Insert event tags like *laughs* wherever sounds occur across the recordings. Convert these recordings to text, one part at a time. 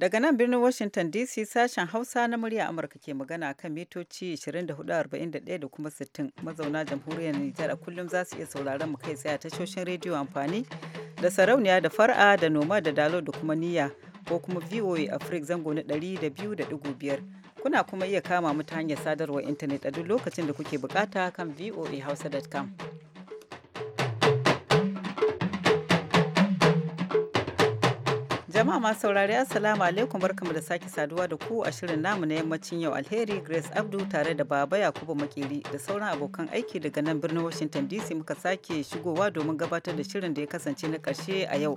Daga nan birnin Washington DC sashen Hausa na murya Amurka ke magana kan mitoci 24,41 da kuma 60 mazauna jamhuriyar Nijar a kullum za su iya sauraron mu kai tsaye a tashoshin rediyo amfani da sarauniya da far'a da noma da dalo da kuma niyya ko kuma VOA Africa zango na 200.5 kuna kuma iya kama mu ta hanyar sadarwar intanet a duk lokacin da kuke bukata kan voahausa.com. Jama'a masu saurari Assalamu alaikum barkamu da sake saduwa da ku a shirin namu na yammacin yau alheri Grace Abdu tare da Baba Yakubu Makeri da sauran abokan aiki daga nan birnin Washington DC muka sake shigowa domin gabatar da shirin da ya kasance na karshe a yau.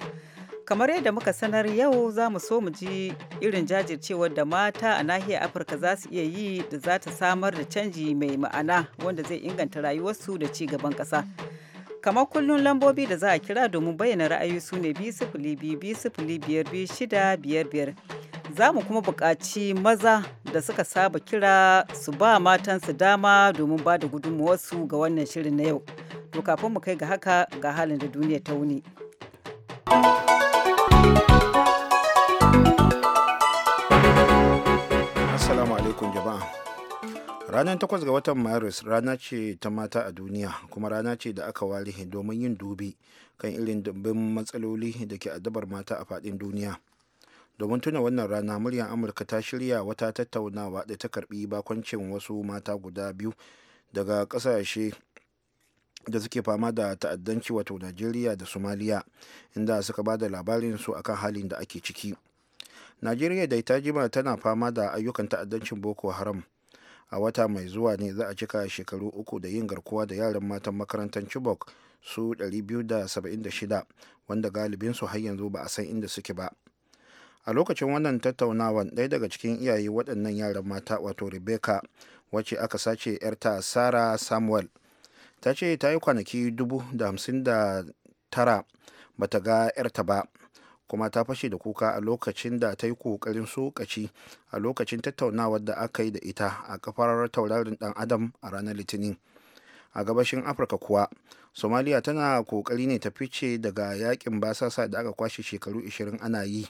Kamar yadda muka sanar yau za mu so mu ji irin jajircewar da mata a nahiyar Afirka za su iya yi da za ta samar da canji mai ma'ana wanda zai inganta rayuwarsu da ci gaban ƙasa. kamar kullum lambobi da za a kira domin bayyana ra'ayi su ne biyar. za mu kuma buƙaci maza da suka saba kira su ba matansu dama domin ba da gudunmuwarsu ga wannan shirin na yau to kafin mu kai ga haka ga halin da duniya ta wuni assalamu alaikum jama'a ranar takwas ga watan maris rana ce ta mata a duniya kuma rana ce da aka ware domin yin dubi kan irin dubbin matsaloli da ke addabar mata a fadin duniya domin tuna wannan rana muryar amurka ta shirya wata tattaunawa da ta karbi bakoncin wasu mata guda biyu daga kasashe da suke fama da ta'addanci wato najeriya da somaliya inda suka ba da labarin su akan halin da ake ciki najeriya da ta jima tana fama da ayyukan ta'addancin boko haram a wata mai zuwa ne za a cika shekaru uku da yin garkuwa da yaran matan makarantar chibok su 276 wanda galibinsu har yanzu ba a san inda suke ba a lokacin wannan tattaunawan ɗaya daga cikin iyaye waɗannan yaran mata wato rebecca wacce aka sace 'yarta sara samuel ta ce ta yi kwanaki dubu da hamsin tara bata ga 'yarta ba kuma ta fashe da kuka a lokacin da ta yi kokarin sokaci a lokacin tattaunawar da aka yi da ita a kafar taurarin dan adam a ranar litinin a gabashin afirka kuwa somaliya tana kokari ne ta fice daga yakin basasa da aka kwashe shekaru 20 ana yi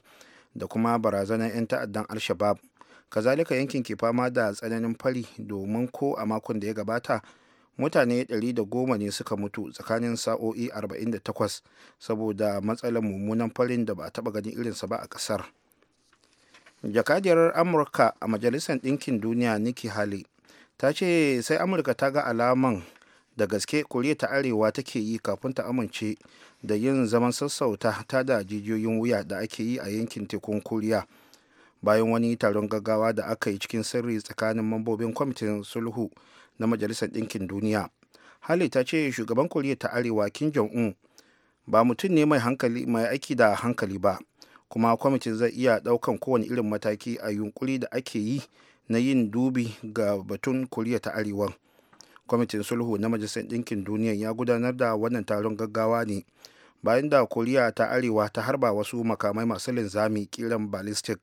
da kuma barazanar 'yan ta'addan al kazalika yankin ke fama da tsananin fari domin ko a makon da ya gabata mutane 110 ne suka mutu tsakanin sa'o'i 48 saboda matsalar mummunan farin da ba a taba ganin irinsa ba a ƙasar jakadiyar amurka a majalisar ɗinkin duniya nikki haley ta ce sai amurka ta ga alaman da gaske koriya ta arewa take yi kafin ta amince da yin zaman sassauta ta da jijiyoyin wuya da ake yi a yankin tekun koriya bayan wani taron gaggawa da aka yi cikin sirri tsakanin mambobin kwamitin sulhu na majalisar ɗinkin duniya hali ta ce shugaban koriya ta arewa kim jong-un ba mutum ne mai hankali mai aiki da hankali ba kuma kwamitin zai iya ɗaukan kowane irin mataki a yunkuri da ake yi na yin dubi ga batun koriya ta arewa kwamitin sulhu na majalisar ɗinkin duniya ya gudanar da wannan taron gaggawa ne bayan da koriya ta arewa ta harba wasu makamai masu linzami kiran ballistic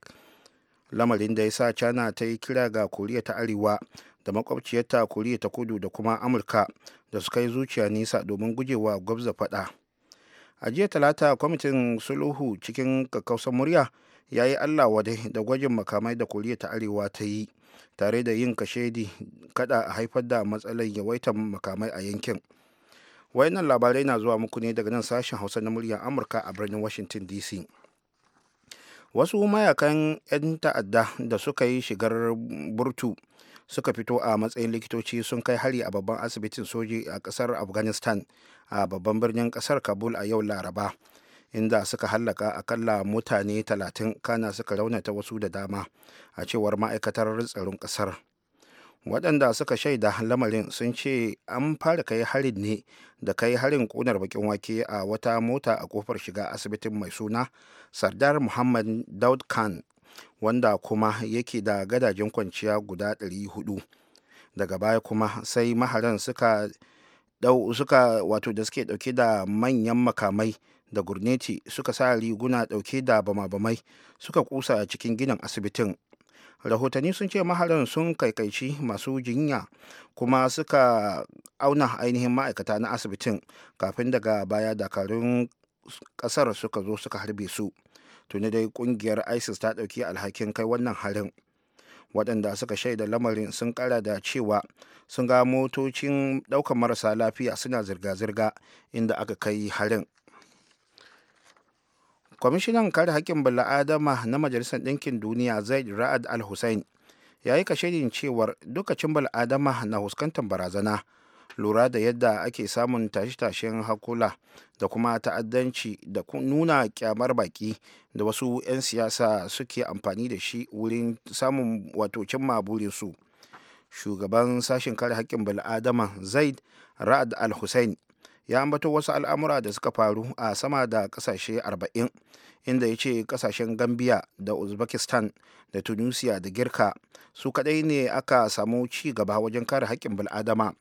lamarin da ya sa china ta yi kira ga koriya ta arewa da makwabciyarta koriya ta kudu da kuma amurka da suka yi zuciya nisa domin gujewa gwabza fada a jiya talata kwamitin sulhu cikin kakkausan murya ya yi allah wadai da gwajin makamai da koriya ta arewa ta yi tare da yin kashedi kada a haifar da matsalar yawaitar makamai a yankin wayannan labarai na zuwa muku ne daga nan sashen hausa na muryar amurka a birnin washington dc wasu mayakan 'yan ta'adda da suka yi shigar burtu suka fito a matsayin likitoci sun kai hari a babban asibitin soji a kasar afghanistan a babban birnin kasar kabul a yau laraba inda suka hallaka akalla mutane 30 kana suka raunata wasu da dama a cewar ma'aikatar tsaron kasar waɗanda suka shaida lamarin sun ce an fara kai harin ne da kai harin ƙunar bakin wake a wata mota a kofar shiga asibitin mai suna sardar muhammad daud khan wanda kuma yake da gadajen kwanciya guda 400 daga baya kuma sai maharan suka suka wato da suke dauke da manyan makamai da gurneti suka sa riguna dauke da bama-bamai suka kusa cikin ginin asibitin rahotanni sun ce maharan sun kaikaici masu jinya kuma suka auna ainihin ma'aikata na asibitin kafin daga baya dakarun kasar suka zo suka harbe su tuni dai kungiyar isis ta ɗauki alhakin kai wannan harin waɗanda suka shaida lamarin sun kara da cewa sun ga motocin ɗaukar marasa lafiya suna zirga-zirga inda aka kai harin kwamishinan kare haƙƙin bala'adama na majalisar ɗinkin duniya zaid ra'ad al-hussein ya yi kashe cewar dukacin bal'adama bala'adama na huskantar barazana lura da yadda ake samun tashe-tashen hakula da kuma ta'addanci da nuna kyamar baki da wasu 'yan siyasa suke amfani da shi wurin samun wato cimma burinsu shugaban sashen kare haƙƙin bil'adama zaid ra'ad al-hussein ya ambato wasu al'amura da suka faru a sama da kasashe 40 inda ya ce kasashen gambia da uzbekistan da tunisia da girka su kadai ne aka samu ci gaba wajen kare haƙƙin bil'adama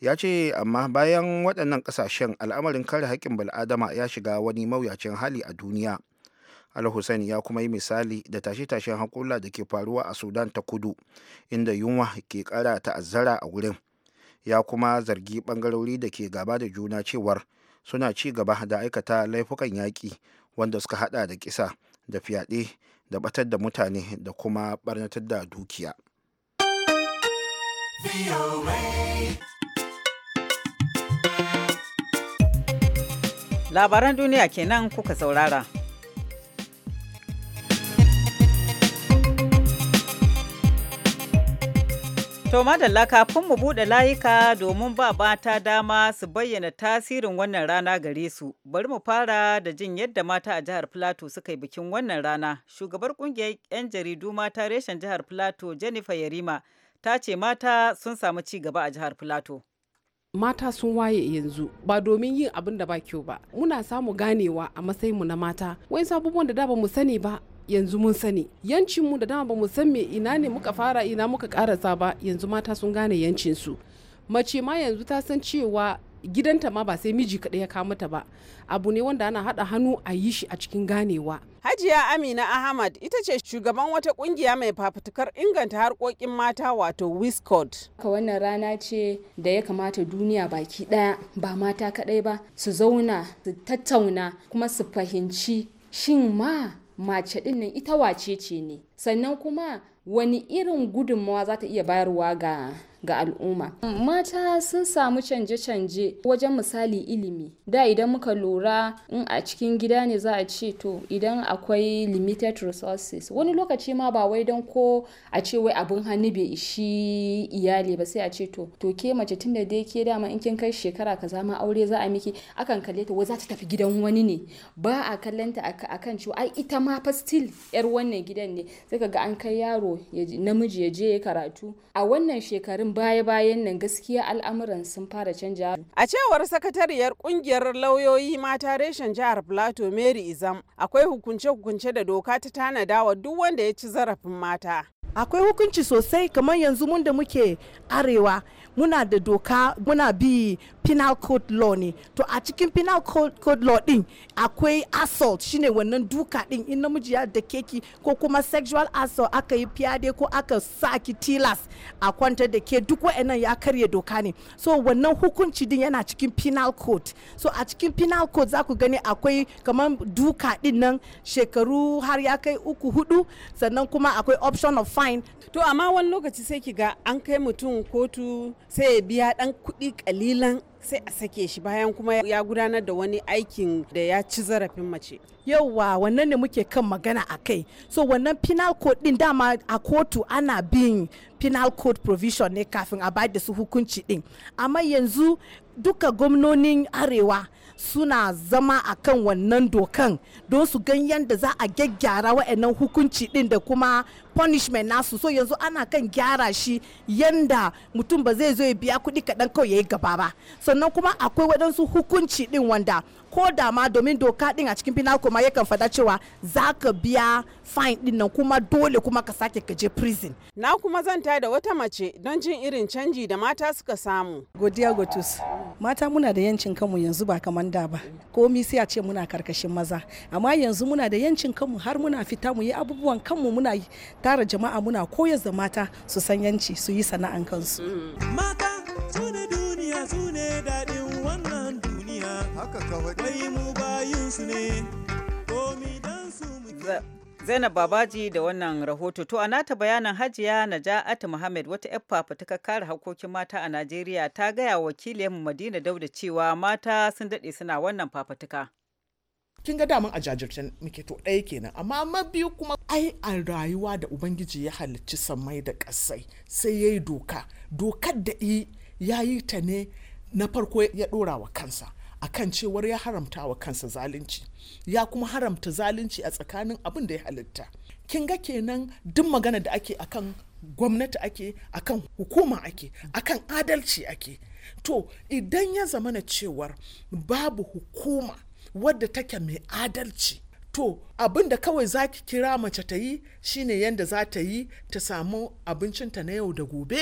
ya ce amma bayan waɗannan ƙasashen al'amarin kare haƙƙin bal'adama ya shiga wani mawuyacin hali a duniya al ya kuma yi misali da tashe-tashen haƙula da ke faruwa a sudan ta kudu inda yunwa ke ƙara ta'azzara a wurin ya kuma zargi ɓangarori da ke gaba da juna cewar suna ci gaba da aikata laifukan yaƙi wanda suka haɗa da kisa da fyaɗe da ɓatar da mutane da kuma ɓarnatar da dukiya. Labaran duniya kenan kuka saurara. To madalla kafin mu buɗe layuka domin ba mata dama su bayyana tasirin wannan rana gare su. Bari mu fara da jin yadda mata a jihar Filato suka yi bikin wannan rana. Shugabar kungiyar 'yan jaridu mata reshen jihar Filato Jennifer Yarima ta ce mata sun samu ci gaba a jihar Filato. mata sun waye yanzu ba domin yin abin da ba kyau ba muna samu ganewa a matsayin mu na mata wai abubuwan da da ba mu sani ba yanzu mun sani yancinmu da dama ba mu san me ina ne muka fara ina muka karasa ba yanzu mata sun gane yancinsu mace ma yanzu ta san cewa gidanta ma ba sai miji kaɗai ya kawo mata ba abu ne wanda ana haɗa hannu a yi shi a cikin ganewa hajiya amina ahmad ita ce shugaban wata ƙungiya mai fafutukar inganta harkokin mata wato wiscod ka wannan rana ce da ya kamata duniya baki ɗaya ba mata kaɗai ba su zauna su tattauna kuma su fahimci shin ma mace ɗin nan ita wace ce ne sannan kuma wani irin gudunmawa za ta iya bayarwa ga ga al'umma. Mata sun samu canje-canje wajen misali ilimi. Da idan muka lura in a cikin gida ne za a ce to idan akwai limited resources wani lokaci ma ba wai don ko a ce wai abin hannu bai ishi iyali ba sai a ce to to ke mace tunda dai ke dama in kin kai shekara kazama zama aure za a miki akan kalle ta wai za ta tafi gidan wani ne ba a kallon ta akan cewa ai ita ma fa still yar wannan gidan ne sai ka ga an kai yaro namiji ya je karatu a wannan shekarun din baya-bayan nan gaskiya al'amuran sun fara canja. A cewar sakatariyar kungiyar lauyoyi mata reshen jihar Plateau Mary Izam akwai hukunce-hukunce da doka ta tanada wa duk wanda ya ci zarafin mata. Akwai hukunci sosai kamar yanzu mun da muke arewa muna da doka muna bi penal code law ne to a cikin penal code law din akwai assault shine wannan duka din in namiji ya da keki ko kuma sexual assault aka yi fiyade ko aka sa ki tilas a kwanta da ke duk wa'annan ya karya doka ne so wannan hukunci din yana cikin penal code so a cikin penal code za ku gani akwai kamar duka din nan shekaru har ya kai uku hudu sannan kuma akwai option of fine to amma wani lokaci sai ki ga an kai mutum kotu sai ya biya dan kuɗi kalilan sai a sake shi bayan kuma ya gudanar da wani aikin da ya ci zarafin mace yauwa wannan ne muke kan magana a kai so wannan penal code din dama a kotu ana bin penal code provision ne kafin a bayar da su hukunci din amma yanzu duka gwamnonin arewa suna zama a kan wannan dokan don su gan yadda za a gyaggyara wa'annan hukunci din da kuma punishment nasu so yanzu ana kan gyara shi yanda mutum ba zai zo ya biya kuɗi kaɗan kawai ya yi gaba ba sannan kuma akwai waɗansu hukunci ɗin wanda ko da ma domin doka ɗin a cikin penal kuma yakan fada cewa za ka biya fine din nan kuma dole kuma ka sake ka je prison. Na kuma zan ta da wata mace don jin irin canji da mata suka samu. Godiya gotus. Mata muna da yancin kanmu yanzu ba kamar da ba. Komi sai a ce muna karkashin maza. Amma yanzu muna da yancin kanmu har muna fita mu yi abubuwan kanmu muna tara jama'a muna koyar da mata su san yanci su yi sana'an kansu mata su ne duniya su ne daɗin wannan duniya haka kawai mu bayin su ne komi dan su Zainab Babaji da wannan rahoto to a nata bayanin Hajiya Naja'atu Muhammad wata yar fafutuka kare hakokin mata a Najeriya ta gaya wakilin Madina Dauda cewa mata sun dade suna wannan fafatuka. kin ga daman a jajirce muke to ɗaya kenan amma mabiyu kuma ai a rayuwa da ubangiji ya halicci samai da kasai sai ya yi doka dokar da ya yi ta ne na farko ya ɗora wa kansa akan cewar ya haramta wa kansa zalunci ya kuma haramta zalunci a tsakanin abin da ya halitta kin ga kenan duk magana da ake akan gwamnati ake akan hukuma ake akan adalci ake to idan ya zamana cewar babu hukuma wadda take mai adalci to abin da kawai za ki kira mace ta yi shine yadda za ta yi ta samu abincinta na yau da gobe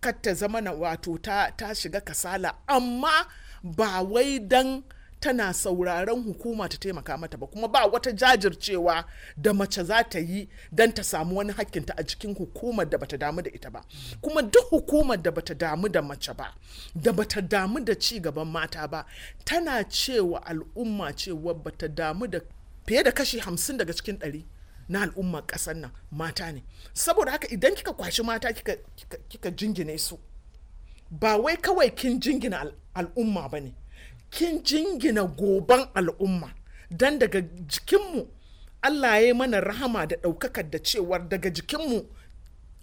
kar ta zama na wato ta, ta shiga kasala amma ba wai dan tana sauraron hukuma ta taimaka mata ba kuma ba wata jajircewa da mace za ta yi don ta samu wani hakkinta a cikin hukumar da bata damu da ita ba kuma duk hukumar da bata damu da mace ba da bata damu da ci gaban mata ba tana cewa al'umma cewa bata damu da fiye da kashi hamsin daga cikin ɗari na al'ummar ƙasar nan mata ne saboda haka idan kika kwashi mata kika, kika, kika jingine su ba wai kawai kin jingina al'umma ba ne kin jingina goban al'umma dan daga jikinmu Allah ya mana rahama da ɗaukakar da cewar daga jikinmu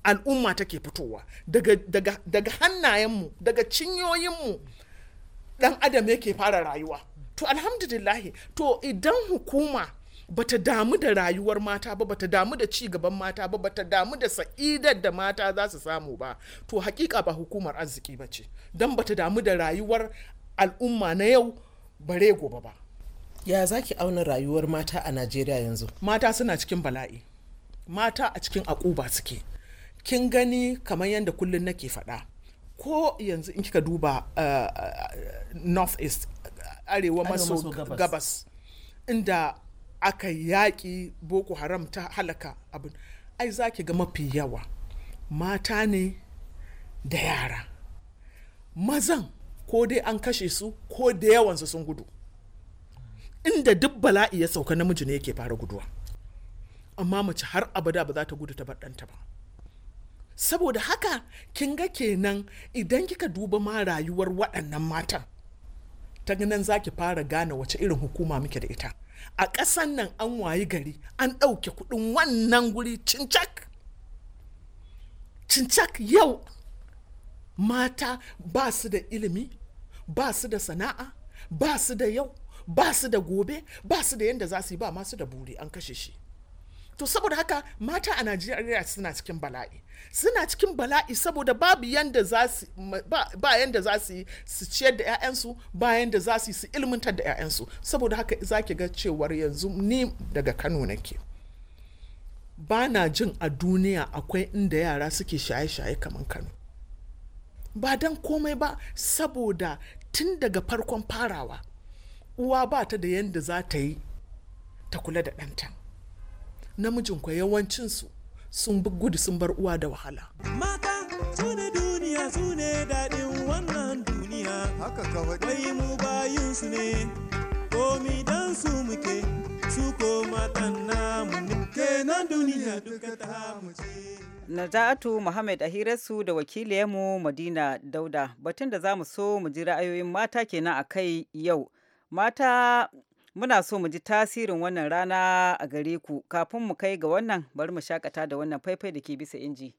al'umma take fitowa daga, daga, daga hannayenmu daga cinyoyinmu ɗan adam yake fara rayuwa to alhamdulillahi to idan hukuma bata damu da rayuwar mata ba bata damu da ci mata ba bata damu da sa'idar da mata za su samu ba to hakika ba hukumar arziki ba ce don bata damu da rayuwar al'umma na yau bare gobe ba ya zaki auna rayuwar mata a najeriya yanzu mata suna cikin bala'i mata a cikin akuba suke kin gani kamar yadda kullum nake faɗa ko yanzu in kika duba uh, uh, north east arewa maso gabas, inda aka yaƙi boko haram ta halaka abin ai za ga mafi yawa mata ne da yara mazan ko dai an kashe su ko da yawansu sun gudu inda duk bala'i ya sauka namiji ne yake fara guduwa amma mace har abada ba za ta gudu ta bar ba saboda haka kin ga kenan idan kika duba ma rayuwar waɗannan matan ta nan za ki fara gane wace irin hukuma muke da ita a ƙasan nan an wayi gari an ɗauke kuɗin wannan guri cincak cincak yau mata ba su da ilimi ba su da sana'a ba su da yau ba su da gobe ba su da yadda za su yi ba masu da buri an kashe shi to saboda haka mata a najeriya suna cikin bala'i suna cikin bala'i saboda babu yanda za su ba za su su ciyar da 'ya'yansu ba yanda za su yi su ilmantar da 'ya'yansu saboda haka za ki ga cewar yanzu ni daga kano nake ba na jin a duniya akwai inda yara suke shaye-shaye kamar kano ba don komai ba saboda tun daga farkon farawa uwa ba ta da yadda za ta yi ta kula da ɗanta namijin kwa yawancinsu sun bi gudu sun bar uwa da wahala mata su ne duniya su ne daɗin wannan duniya haka kawai bai mu bayin su ne komi dan su muke su ko matan namu ne kenan duniya duka ta Naja'atu Muhammad a hirarsu da wakiliyarmu Madina Dauda. Batun da za mu so mu ji ra'ayoyin mata kenan a kai yau. Mata muna so mu ji tasirin wannan rana a gare ku. Kafin mu kai ga wannan bari mu shakata da wannan faifai da ke bisa inji.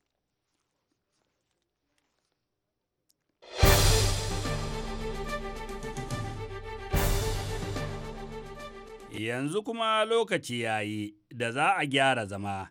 Yanzu kuma lokaci yayi da za a gyara zama.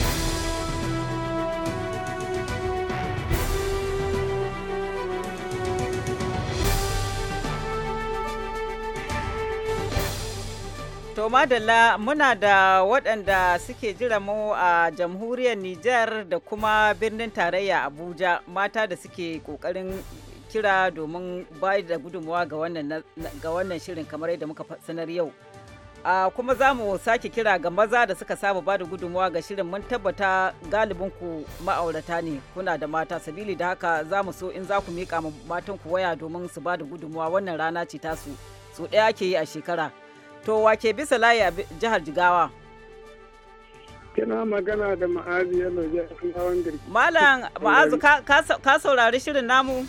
To madalla muna da waɗanda suke jira mu a jamhuriyar Nijar da kuma birnin tarayya Abuja mata da suke ƙoƙarin kira domin bayar da gudunmawa ga wannan shirin kamar yadda muka sanar yau. a kuma za mu sake kira ga maza da suka saba ba da gudunmawa ga shirin mun tabbata galibinku ma'aurata ne kuna da mata sabili da haka za mu so in za ku miƙa matanku waya domin su ba da gudunmawa wannan rana ce tasu su ɗaya ake yi a shekara To wake bisa layi a jihar Jigawa. Kina magana da ma'azi yalo hawan girki. Malam ma'azu ka saurari shirin namu?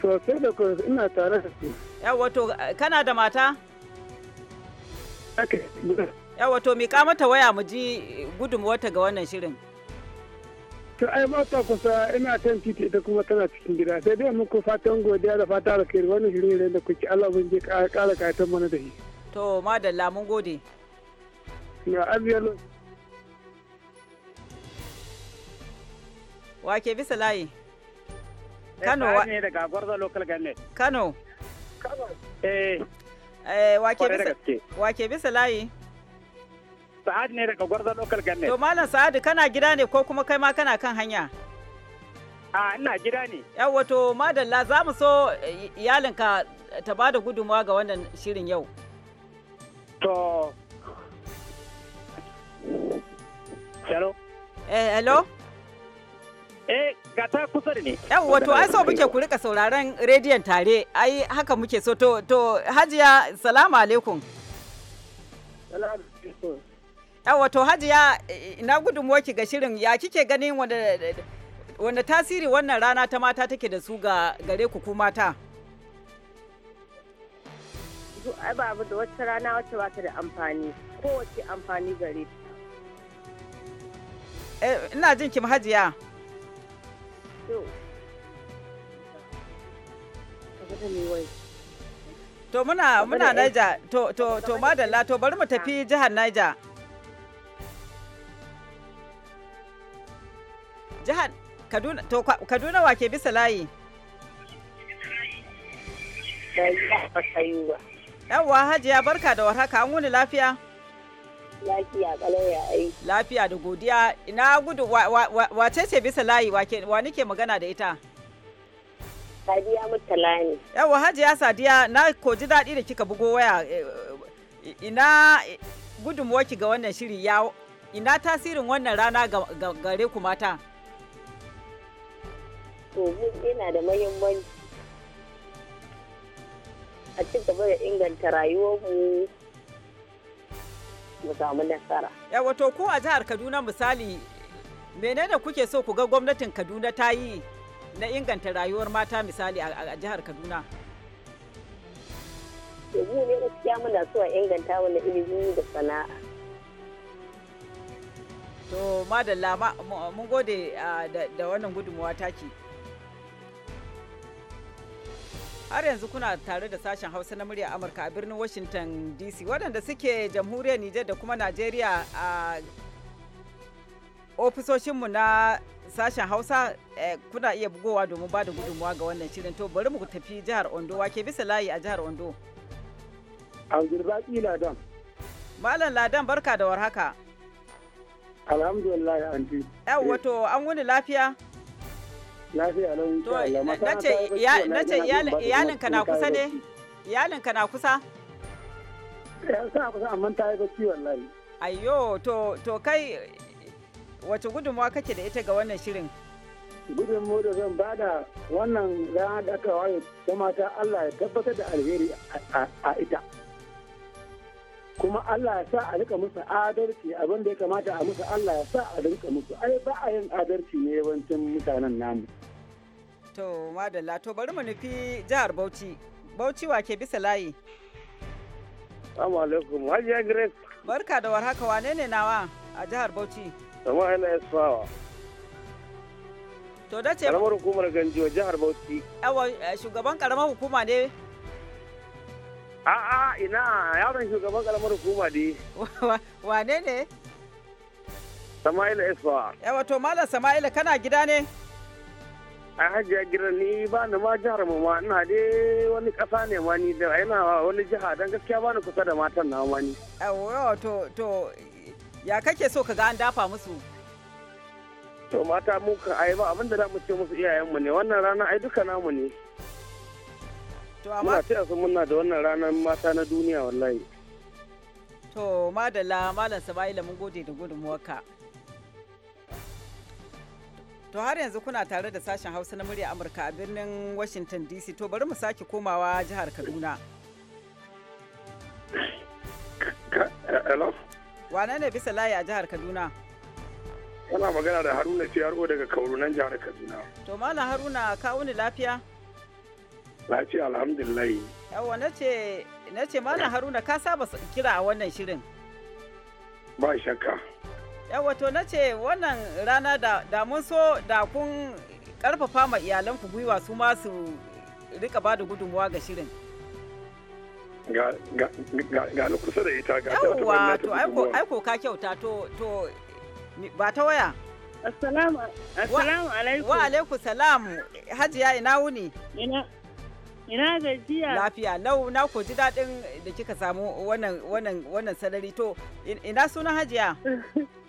Sosai da kuma ina tare da su. Yawa to kana da mata? Yawa to mika mata waya mu ji wata ga wannan shirin. to ai ba ta kusa ina kan titi ita kuma tana cikin gida sai dai muku fatan godiya da fata da kai wannan shirin da kuke Allah bin je kara kayatan mana da shi to madalla mun gode na abiyalo wake bisa layi eh, Kano wa ne daga Gwarza local government Kano Kano eh eh wake bisa wake bisa layi Sa'ad ne daga Gwarza lokal Government. To Malam Sa'ad kana gida ne ko kuma kai ma kana kan hanya? A ina gida ne. Yawwa to madalla za mu so eh, iyalinka ta ba da gudunmawa ga wannan shirin yau. To. Hello. Eh, hello. Eh, ga ta kusa da ne. Yawwa to ai so muke ku rika sauraron rediyon tare. Ai haka muke so to to Hajiya salamu alaikum. Salamu wato to hajiya na gudunmuwa ki ga shirin ya kike ganin wanda tasiri wannan rana ta mata take da su ga gare ku ku mata da wata rana ba ta da amfani kowace amfani gare eh, ina jin kim hajiya to muna muna naija to to to madalla to bari mu tafi jihar naija Jihar Kaduna wa ke bisa layi? Yawwa Hajiya barka da warhaka an wuni lafiya? Lafiya kalauya ai. Lafiya da godiya ina gudu wace ce bisa layi wa nike magana da ita? Sadiya Murtala ne. Yawwa Hajiya Sadiya na koji daɗi da kika bugo waya eh, eh, ina waki ga wannan shiri ya ina tasirin wannan rana ga gare ku mata? to yana da mahimmanci a ci gaba da inganta rayuwarmu mu samu nasara. Yawa ko a jihar Kaduna misali menene kuke so ku ga gwamnatin Kaduna ta yi na inganta rayuwar mata misali a jihar Kaduna? Yabu ne gaskiya muna so a inganta wani ilimi da sana'a. To madalla mun gode ah, da wannan gudunmawa take. Har yanzu kuna tare da sashen Hausa na murya Amurka a birnin Washington DC waɗanda suke jamhuriyar Nijar da kuma Najeriya a ofisoshinmu na sashen Hausa eh, kuna iya bugowa domin ba da gudunmawa ga wannan shirin to bari mu tafi jihar Ondo wake bisa layi a jihar Ondo. Ladan. Malam Ladan barka da warhaka. Alhamdulillah anti. Yawwa to an wuni lafiya? lafiya nan to iyalinka na kusa eh, ne iyalinka na kusa amma ta yi bacci wallahi ayyo to to kai wace gudunmawa kake da ita ga wannan shirin gudunmu da zan bada wannan rana da aka waye ta Allah ya tabbatar da alheri a ita kuma Allah ya sa a rika musu adalci abin da ya kamata a musu Allah ya sa a rika musu ai ba a yin adalci ne yawancin mutanen namu To madalla to bari mu nufi jihar Bauchi. Bauchi wa ke bisa layi. Assalamu alaikum Hajiya Grace. Barka da warhaka wane ne nawa a jihar Bauchi? Sama ina Isfawa. To da ce Karamar hukumar Ganjiwa jihar Bauchi. Yawa eh, shugaban karamar hukuma ne? A'a ina yaron shugaban karamar hukuma ne. Wane ne? Sama'ila Isfawa. Yawa to Malam Sama'ila kana gida ne? a a gira ni ba ni ma jihar mu ma ina dai wani kasa ne ma ni da ina wani jiha dan gaskiya ba ni kusa da matan na ma ni to to ya kake so ka ga an dafa musu to mata mu ka ai ba abinda za mu ce musu iyayen mu ne wannan rana ai duka namu ne to amma muna taya su muna da wannan ranar mata na duniya wallahi to madalla malam sabaila mun gode da gudunmuwarka To har yanzu kuna tare da sashen Hausa na murya Amurka a birnin Washington DC. To bari mu sake komawa jihar Kaduna. Hello? Wane ne bisa layi a jihar Kaduna? Kana magana da Haruna CRO daga Kaurunan jihar Kaduna. To Malam Haruna ka wuni lafiya? Lafiya alhamdulillah. Yawwa na ce Malam Haruna ka saba kira a wannan shirin. Ba shakka. wato na ce wannan rana da mun so da kun karfafa ma iyalanku gwiwa su ma su rika ba da gudunmuwa ga shirin. Ga ni kusa da ita ga ta Yawwa to aiko ka kyauta to to ba ta waya. Assalamu alaikum. Wa alaikum salam hajiya ina wuni. Ina Ina gajiya. Lafiya lau na ku ji daɗin da kika samu wannan wannan wannan sarari to ina sunan hajiya. *laughs*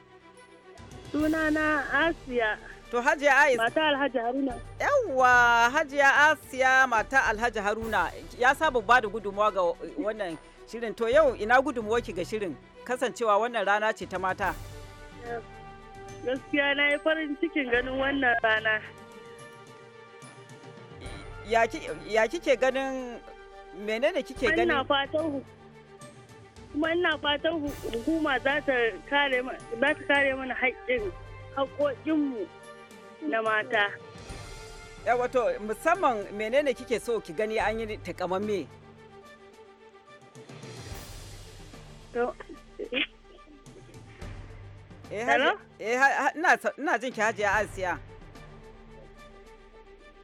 Sunana Asiya. To Hajiya Ais. Mata Alhaji Haruna. Yawwa Hajiya Asiya mata Alhaji Haruna ya saba ba da gudunmawa ga wannan shirin. To yau ina gudunmawa ki ga shirin kasancewa wannan rana ce ta mata. Gaskiya na yi farin cikin ganin wannan rana. Ya kike ganin menene kike ganin? Ina fatan kuma ina fatan hukuma za ta kare mana haƙƙin haƙoƙinmu na mata. wato musamman menene kike so ki gani an yi takamamme? Eh, eh, ina jin ki hajiya asiya.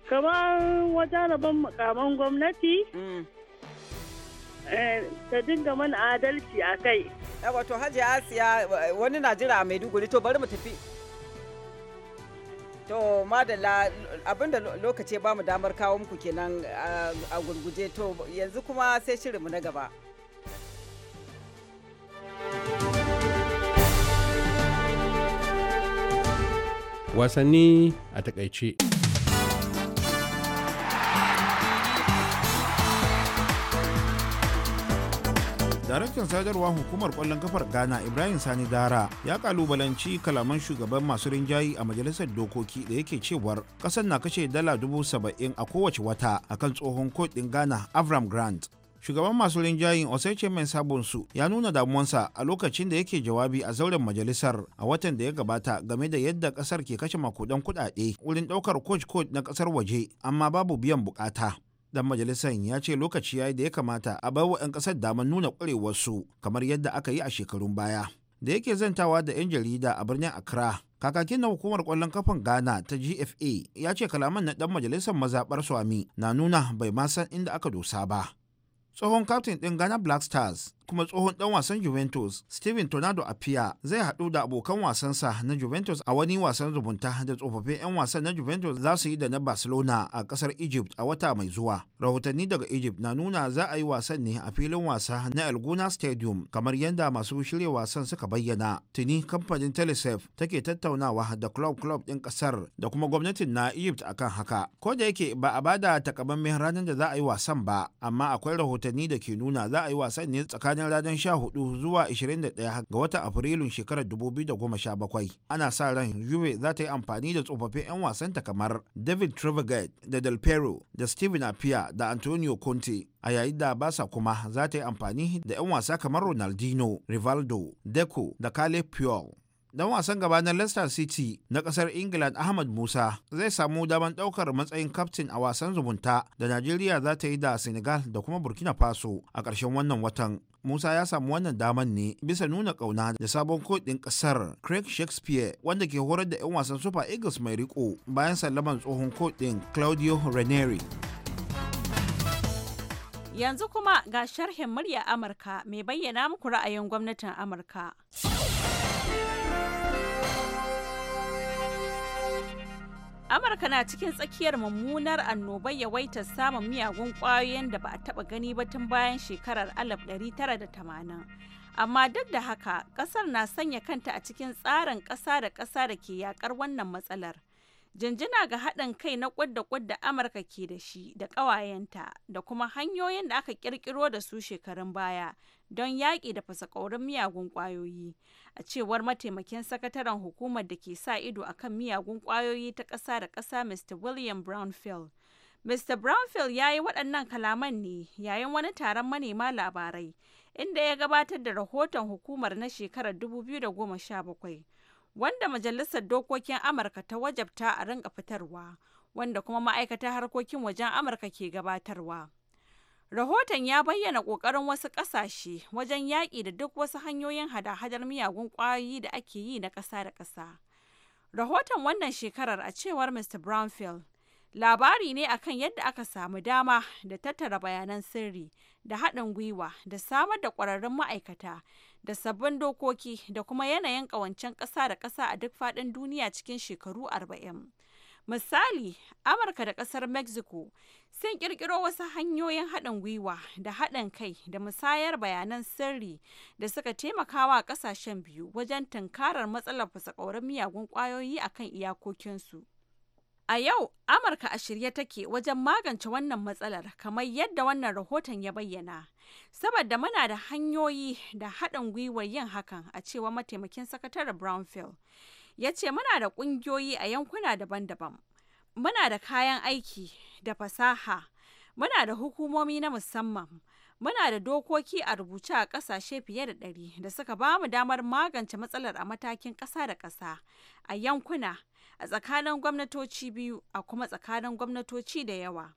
kamar wajen rabon makaman gwamnati mm. Eh, ta dinga mana adalci a kai. wato hajji asiya wani na jira a maiduguri to bari mu tafi to madalla abinda lokaci ba mu damar kawo muku kenan ah, a gurguje to yanzu kuma sai shirinmu na gaba. wasanni a takaice. daraktan sadarwar hukumar kwallon kafar ghana ibrahim sani dara ya kalubalanci kalaman shugaban masu rinjayi a majalisar dokoki da yake cewar kasar na kashe dala dubu saba'in a kowace wata akan tsohon kodin ghana avram grant shugaban masu rinjayin osaice mai sabonsu ya nuna damuwansa a lokacin da yake jawabi a zauren majalisar a watan da ya gabata game da yadda kasar ke kashe makudan kudade wurin daukar coach coach na kasar waje amma babu biyan bukata dan majalisar ya ce lokaci ya yi da ya kamata a bar wa 'yan ƙasar damar nuna ƙwarewarsu kamar yadda aka yi a shekarun baya da yake zantawa da 'yan jarida a birnin accra kakakin na hukumar kwallon kafan ghana ta gfa ya ce kalaman na dan majalisar mazaɓar swami na nuna bai ma san inda aka dosa ba tsohon kaftin ɗin ghana black stars kuma tsohon dan wasan Juventus Steven Tornado Apia zai haɗu da abokan wasansa na Juventus a wani wasan zumunta da tsofaffin 'yan wasan na Juventus za su yi da na Barcelona a ƙasar Egypt a wata mai zuwa. Rahotanni daga Egypt na nuna za a yi wasan ne a filin wasa na El Stadium kamar yadda masu shirya wasan suka bayyana. Tuni kamfanin telesef take tattaunawa da club club ɗin ƙasar da kuma gwamnatin na Egypt akan haka. Ko da yake ba a bada takamaiman ranar da za a yi wasan ba, amma akwai rahotanni da ke nuna za a yi wasan ne tsakanin tsakanin ranar 14 zuwa 21 ga watan Afrilun shekarar 2017. Ana sa ran Juve za ta yi amfani da tsofaffin 'yan wasanta kamar David Trevigat da Del Piero da Steven apia da Antonio Conte. a yayin da ba sa kuma za ta yi amfani da 'yan wasa kamar Ronaldinho, Rivaldo, Deco da Kale Puyol. dan wasan gaba na Leicester City na kasar England Ahmad Musa zai samu daman daukar matsayin kaftin a wasan zumunta da Najeriya za ta yi da Senegal da kuma Burkina Faso a ƙarshen wannan watan. Musa ya samu wannan daman ne bisa nuna kauna da sabon kodin kasar Craig Shakespeare wanda ke horar da 'yan wasan Super Eagles mai riko bayan sallaman tsohon kodin Claudio Ranieri. Yanzu kuma ga sharhin murya Amurka mai bayyana muku ra'ayin gwamnatin Amurka. amurka na cikin tsakiyar mummunar annobar yawaitar samun miyagun ƙwayoyin da ba a taba gani ba tun bayan shekarar 1980 amma duk da haka ƙasar na sanya kanta a cikin tsarin ƙasa da ƙasa da ke yakar wannan matsalar Jinjina ga haɗin kai na ƙwad da Amurka ke da shi da ƙawayenta da kuma hanyoyin da aka ƙirƙiro da su shekarun baya don yaƙi da fasakaurin miyagun ƙwayoyi. A cewar mataimakin sakataren hukumar da ke sa ido a kan miyagun ƙwayoyi ta ƙasa da ƙasa Mr. William Brownfield. Mr. Brownfield ya yi waɗannan kalaman ne yayin wani taron manema labarai inda ya gabatar da rahoton hukumar na shekarar 2017. wanda Majalisar Dokokin Amurka ta wajabta a rinka fitarwa, wanda kuma ma'aikatar harkokin wajen Amurka ke gabatarwa. Rahoton ya bayyana ƙoƙarin wasu ƙasashe wajen yaƙi da duk wasu hanyoyin hada-hadar miyagun ƙwayoyi da ake yi na ƙasa da ƙasa. Rahoton wannan shekarar a cewar Mr. Brownfield labari ne akan yadda aka samu dama da tattara bayanan sirri da haɗin gwiwa da samar da ƙwararrun ma'aikata da sabbin dokoki da kuma yanayin ƙawancen ƙasa da ƙasa a duk faɗin duniya cikin shekaru 40. Misali, Amurka da ƙasar Mexico sun ƙirƙiro wasu hanyoyin haɗin gwiwa da haɗin kai da musayar bayanan sirri da suka taimakawa ƙasashen biyu wajen tunkarar matsalar fasa miyagun ƙwayoyi akan iyakokinsu. A yau, Amurka a shirye take wajen magance wannan matsalar kamar yadda wannan rahoton ya bayyana. Saboda muna da hanyoyi da haɗin gwiwar yin hakan a cewa mataimakin sakataren Brownfield. Ya ce muna da ƙungiyoyi a yankuna daban-daban. Muna da kayan aiki da fasaha. Muna da hukumomi na musamman. Muna da dokoki a rubuce a ƙasashe fiye da ɗari da suka bamu damar magance matsalar a matakin ƙasa da ƙasa, a yankuna, a tsakanin gwamnatoci biyu a kuma tsakanin gwamnatoci da yawa.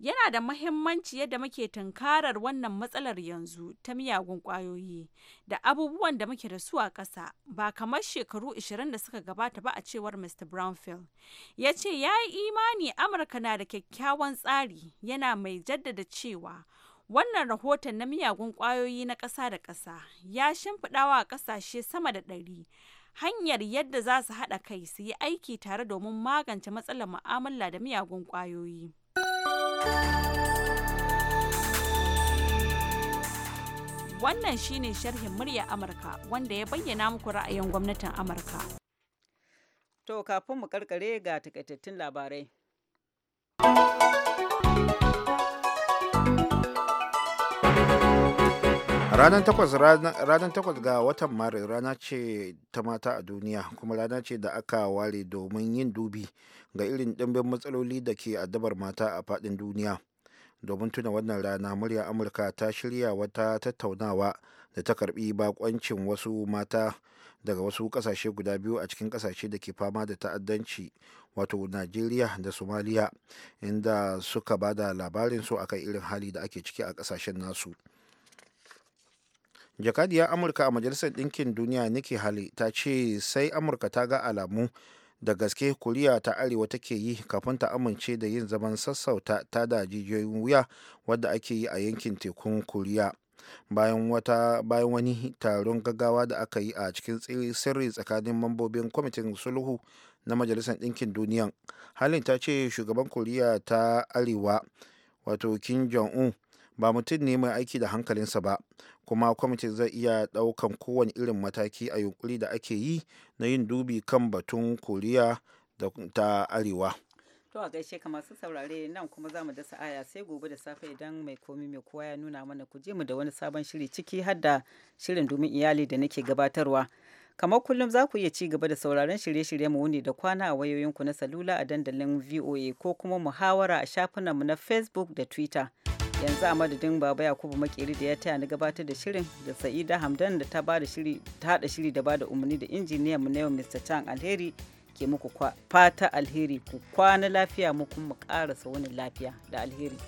Yana da mahimmanci yadda muke tunkarar wannan matsalar yanzu ta miyagun kwayoyi da abubuwan da muke da su a ƙasa ba kamar shekaru 20 da suka gabata ba a cewar Mr. Brownfield. Ya ce ya yi imani Amurka na da kyakkyawan tsari yana mai jaddada cewa Wannan rahoton na miyagun kwayoyi na ƙasa da ƙasa ya shimfiɗawa a ƙasashe sama da ɗari hanyar yadda za su haɗa kai su yi aiki tare domin magance matsalar mu'amala da miyagun ƙwayoyi. Wannan shine sharhin murya Amurka wanda ya bayyana muku ra'ayin gwamnatin Amurka. To kafin mu karkare ga takaitattun labarai. ranar takwas ranar takwas ga watan maris rana ce ta mata a duniya kuma rana ce da aka ware domin yin dubi ga irin dimbin matsaloli da ke addabar mata a fadin duniya domin tuna wannan rana murya amurka ta shirya wata tattaunawa da ta karbi bakoncin wasu mata daga wasu kasashe guda biyu a cikin kasashe da ke fama da ta'addanci wato najeriya da somaliya inda suka ba da labarin su akan irin hali da ake ciki a kasashen nasu jakadiyar amurka a majalisar ɗinkin duniya nikki hali ta ce sai amurka ta ga alamu da gaske koriya ta arewa take yi kafin ta amince da yin zaman sassauta ta da jijiyoyin wuya wadda ake yi a yankin tekun koriya bayan wata bayan wani taron gaggawa da aka yi a cikin sirri tsakanin mambobin kwamitin sulhu na majalisar ɗinkin duniya halin ta ce shugaban koriya ta arewa wato kim jong-un ba mutum ne mai aiki da hankalinsa ba kuma kwamitin zai iya ɗaukan kowane irin mataki a yunkuri da ake yi na yin dubi kan batun koriya da ta arewa to a gaishe ka masu saurare nan kuma za mu dasa aya sai gobe da safe idan mai komi mai kowa ya nuna mana ku je mu da wani sabon shiri ciki har da shirin domin iyali da nake gabatarwa kamar kullum za ku iya ci gaba da sauraron shirye-shiryen mu ne da kwana a wayoyinku na salula a dandalin voa ko kuma muhawara a shafinanmu na facebook da twitter yanzu a madadin baba yakubu makeri da ya taya ni gabatar da shirin da sa'ida hamdan da ta bada shiri ta hada shiri da bada umarni da injiniyan mu na yau mr chan alheri ke muku fata alheri ku kwana lafiya mu kuma karasa wani lafiya da alheri